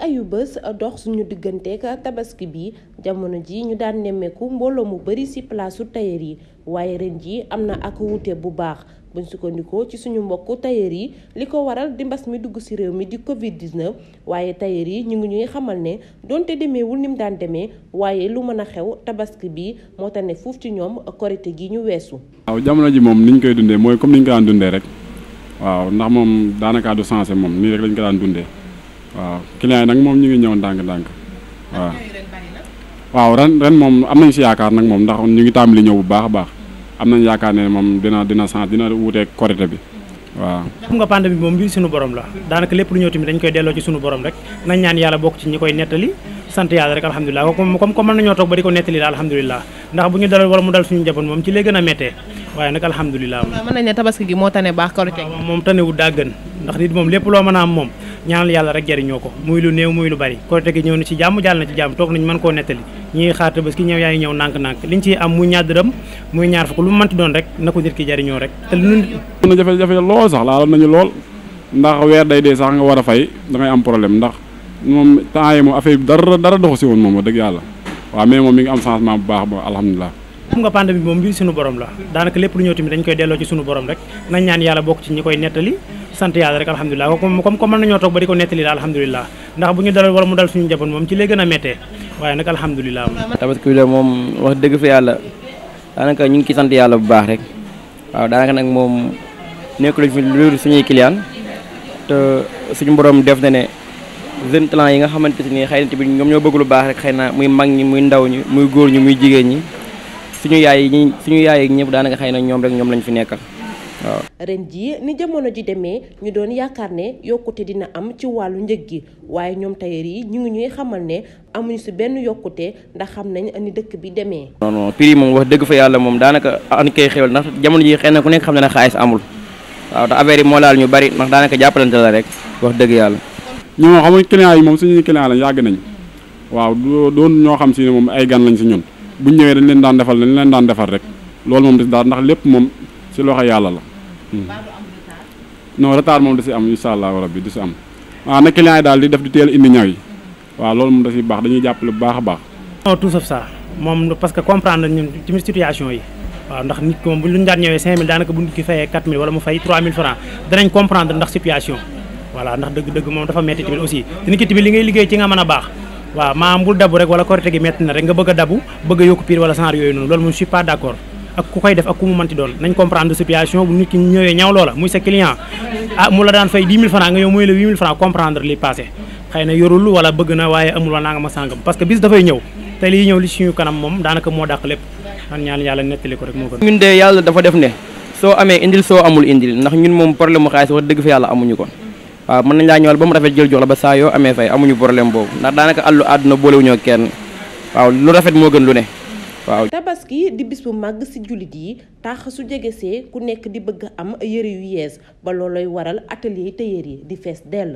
ay ayu bés dox suñu digganteeg tabaski bi jamono ji ñu daan nemmeeku mbooloo mu bari ci palaasu tailleur yi waaye ren ji am na ak wute bu baax buñ sukkandikoo ci suñu mbokku tailleur yi li ko waral di mbas mi dugg ci réew mi di Covid 19 waaye tailleur yi ñu ngi ñuy xamal ne donte demeewul ni mu daan demee waaye lu mën a xew tabaski bi moo tax ne foofu ci ñoom korite gi ñu weesu. waaw jamono ji moom ni ñu koy dundee mooy comme ni ñu ko daan dundee rek waaw ndax moom daanaka du sensé moom nii rek lañ waaw client yi nag moom ñu ngi ñëw ndànk-ndànk waaw. waaw ren ren moom am nañ si yaakaar nag moom ndax ñu ngi tàmbali ñëw bu baax a baax mm-hmm. am nañ yaakaar ne moom dina dina sant dina wuuteeg korite bi mm-hmm. waaw. xam nga pandémie bi moom la daanaka lépp lu ñëw tamit dañ koy delloo ci suñu borom rek nañ ñaan ko bokk sant yàlla rek alhamdulilah comme comme mën nañoo toog ba di ko nettali la alhamdulilah ndax bu ñu dalal wala mu dal suñu njaboot moom ci lay gën a méttee waaye nag alhamdulilah. waaw moo tane baax korite moom tanewul daa gën ndax nit moom lépp loo mën a am moom ñaanal yàlla rek jariñoo ko muy lu néew muy lu bari Korite gi ñëw na ci jàmm jàll na ci jàmm toog nañu mën koo nettali ñi ngi xaar Tabaski ñëw yaa ngi ñëw nànk-nànk liñ ciy am muy ñaar muy doon rek na ko nit ki jariñoo rek te lu na jafe lool sax laaloon nañu lool war a da ngay am ndax moom temps yi moom affaire bi dara dara doxu si bu baax ba alhamdulilah xam nga pandémie bi moom bi suñu la daanaka lépp lu ñëw tamit dañ koy delloo ci suñu borom rek nañ ñaan yàlla bokk ci ñi koy nettali sant yàlla rek alhamdulilah comme comme mën nañoo toog ba di ko nettali la alhamdulilah ndax bu ñu dalal wala mu dal suñu njaboot moom ci lay gën a méttee waaye nag alhamdulilah tabaski bi moom wax dëgg fa yàlla daanaka ñu ngi ciy sant yàlla bu baax rek waaw daanaka nag moom nekk lu fi lu suñuy client te suñu borom def na ne jeune talent yi nga xamante ni xëy na bi ñoom ñoo bëgg lu baax rek xëy na muy mag ñi muy ndaw ñi muy góor ñi muy jigéen ñi suñu yaay yi suñu yaay yi ñëpp daanaka xëy na ñoom rek ñoom lañ fi nekkal waaw ren jii ni jamono ji demee ñu doon yaakaar ne yokkute dina am ci wàllu njëg gi waaye ñoom tailleur yi ñu ngi ñuy xamal ne amuñu si benn yokkute ndax xam nañ ni dëkk bi demee. non non moom wax dëgg fa yàlla moom daanaka an koy xewal ndax jamono ji xëy na ku nekk xam na ne xaalis amul waaw te moo laal ñu bari ndax daanaka jàppalante la rek wax dëgg yàlla. ñu moom xamuñ yi moom suñuy client lañ yàgg nañ waaw doon ñoo xam si ne moom ay gan lañ si ñun buñ ñëwee dañ leen daan defal dañ leen daan defal rek loolu moom des ndax lépp moom ci loxo yàlla la Hmm. non retard moom da si am incha allahu rabbi du si am waaw na client yi daal di def di teel indi ñaw yi hmm. waaw loolu moom da si baax dañuy jàppale baax a baax. moom parce comprendre ñun ci situation yi. waaw ndax nit moom bu ñu daan ñëwee daanaka bu nit ki fayee mu fay 3000 francs danañ comprendre ndax situation voilà ndax dëgg-dëgg moom dafa metti tamit aussi te nit ki tamit li ngay liggéey ci nga mën a baax waaw maam bul dabu rek a dabu ak ku koy def ak ku mu mënti doon nañ comprendre situation bu nit ki ñëwee ñaw loola muy sa client ah mu la daan fay 10 000 francs nga yow mooy la 8 000 francs comprendre li passé xëy na yorul wala bëgg na waaye amul wala nga ma sàngam parce que bis dafay ñëw te lii ñëw li suñu kanam moom daanaka moo dàq lépp man ñaan yàlla nettali ko rek moo gën ñun de dafa def ne soo amee indil soo amul indil ndax ñun moom problème mu xaalis wax dëgg fa yàlla amuñu ko waaw mën nañ laa ñëwal ba mu ba saa yoo amee fay amuñu problème boobu ndax daanaka àllu àdduna boolewuñoo kenn waaw lu rafet moo gën lu ne waaw tabaski di bis bu màgg ci jullit yi tax su jegesee ku nekk di bëgg am yëre yu yees ba looloy waral atelier tailleur yi di fees dell